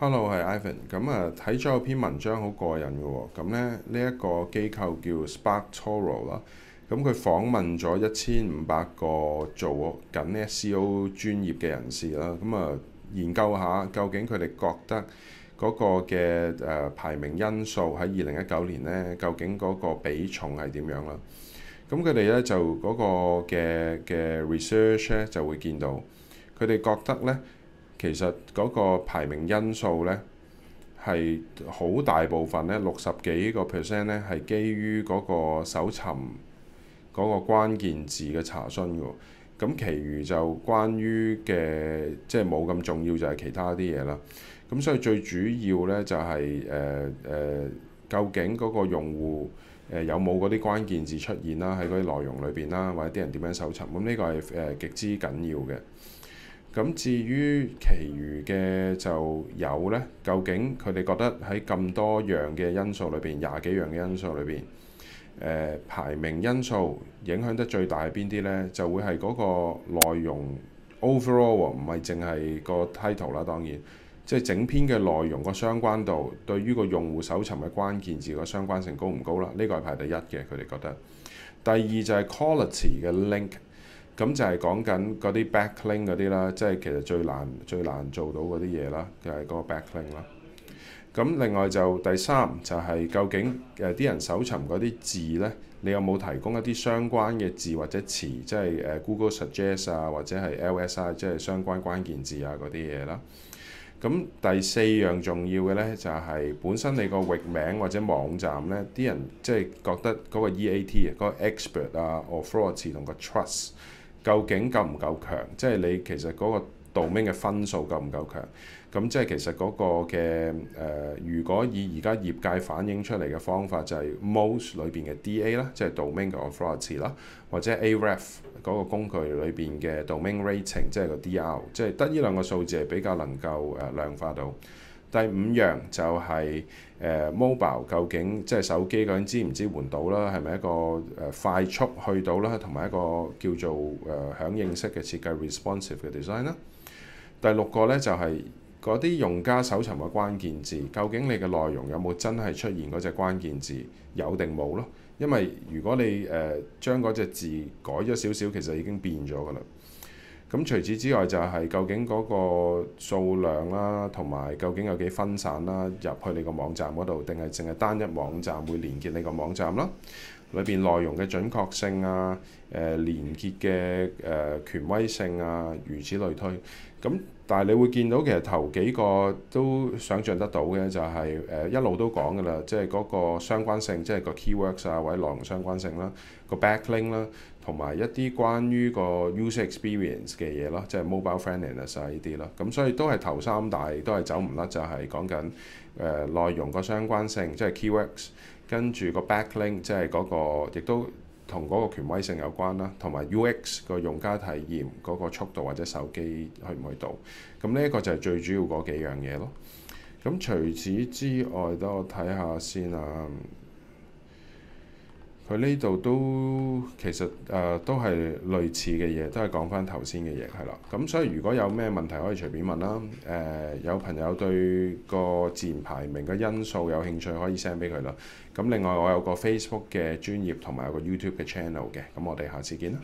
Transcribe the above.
Hello，係 Ivan、嗯。咁啊，睇咗有篇文章好過癮嘅喎。咁、嗯、咧，呢、這、一個機構叫 SparkToro 啦。咁佢訪問咗一千五百個做緊呢 SEO 專業嘅人士啦。咁、嗯、啊、嗯，研究下究竟佢哋覺得嗰個嘅誒、呃、排名因素喺二零一九年呢，究竟嗰個比重係點樣啦？咁佢哋咧就嗰個嘅嘅 research 咧就會見到，佢哋覺得呢。其實嗰個排名因素呢，係好大部分呢六十幾個 percent 呢係基於嗰個搜尋嗰個關鍵字嘅查詢㗎喎。咁，其餘就關於嘅即係冇咁重要，就係其他啲嘢啦。咁所以最主要呢、就係，就係誒誒，究竟嗰個用戶誒有冇嗰啲關鍵字出現啦，喺嗰啲內容裏邊啦，或者啲人點樣搜尋？咁呢個係誒極之緊要嘅。咁至於其餘嘅就有呢，究竟佢哋覺得喺咁多樣嘅因素裏邊，廿幾樣嘅因素裏邊，誒、呃、排名因素影響得最大係邊啲呢？就會係嗰個內容 overall 唔係淨係個 title 啦，當然即係、就是、整篇嘅內容個相關度，對於個用戶搜尋嘅關鍵字個相關性高唔高啦？呢、這個係排第一嘅，佢哋覺得。第二就係 quality 嘅 link。咁就係講緊嗰啲 backlink 嗰啲啦，即、就、係、是、其實最難最難做到嗰啲嘢啦，就係、是、嗰個 backlink 啦。咁另外就第三就係、是、究竟誒啲、呃、人搜尋嗰啲字呢，你有冇提供一啲相關嘅字或者詞，即係、呃、Google Suggest 啊，或者係 LSI，即係相關關鍵字啊嗰啲嘢啦。咁第四樣重要嘅呢，就係、是、本身你個域名或者網站呢，啲人即係覺得嗰個 EAT 啊，嗰個 expert 啊，authority 同個 trust。究竟夠唔夠強？即係你其實嗰個 domain 嘅分數夠唔夠強？咁、嗯、即係其實嗰個嘅誒、呃，如果以而家業界反映出嚟嘅方法，就係 Moz 裏邊嘅 DA 啦，即係 domain authority 啦，或者 Ahref 嗰個工具裏邊嘅 domain rating，即係個 DR，即係得呢兩個數字係比較能夠誒、呃、量化到。第五樣就係、是、誒、呃、mobile，究竟即係手機究竟支唔支援到啦？係咪一個誒、呃、快速去到啦，同埋一個叫做誒、呃、響應式嘅設計 （responsive 嘅 design） 咧？第六個呢，就係嗰啲用家搜尋嘅關鍵字，究竟你嘅內容有冇真係出現嗰隻關鍵字？有定冇咯？因為如果你誒、呃、將嗰隻字改咗少少，其實已經變咗噶啦。咁除此之外就係究竟嗰個數量啦，同埋究竟有幾分散啦，入去你個網站嗰度，定係淨係單一網站會連結你個網站咯？裏邊內容嘅準確性啊，誒、呃、連結嘅誒、呃、權威性啊，如此類推。咁但係你會見到其實頭幾個都想像得到嘅就係、是、誒、呃、一路都講㗎啦，即係嗰個相關性，即、就、係、是、個 keywords 啊或者內容相關性啦、啊，個 backlink 啦、啊，同埋一啲關於個 user experience 嘅嘢咯，即、就、係、是、mobile friendliness 啊呢啲啦。咁所以都係頭三大都係走唔甩，就係講緊。誒、呃、內容個相關性，即係 keywords，跟住個 backlink，即係嗰、那個，亦都同嗰個權威性有關啦，同埋 UX 個用家體驗嗰、那個速度或者手機去唔去到，咁呢一個就係最主要嗰幾樣嘢咯。咁除此之外，等我睇下先啊。佢呢度都其實誒、呃、都係類似嘅嘢，都係講翻頭先嘅嘢係啦。咁所以如果有咩問題可以隨便問啦。誒、呃、有朋友對個自然排名嘅因素有興趣，可以 send 俾佢啦。咁另外我有個 Facebook 嘅專頁同埋有個 YouTube 嘅 channel 嘅。咁我哋下次見啦。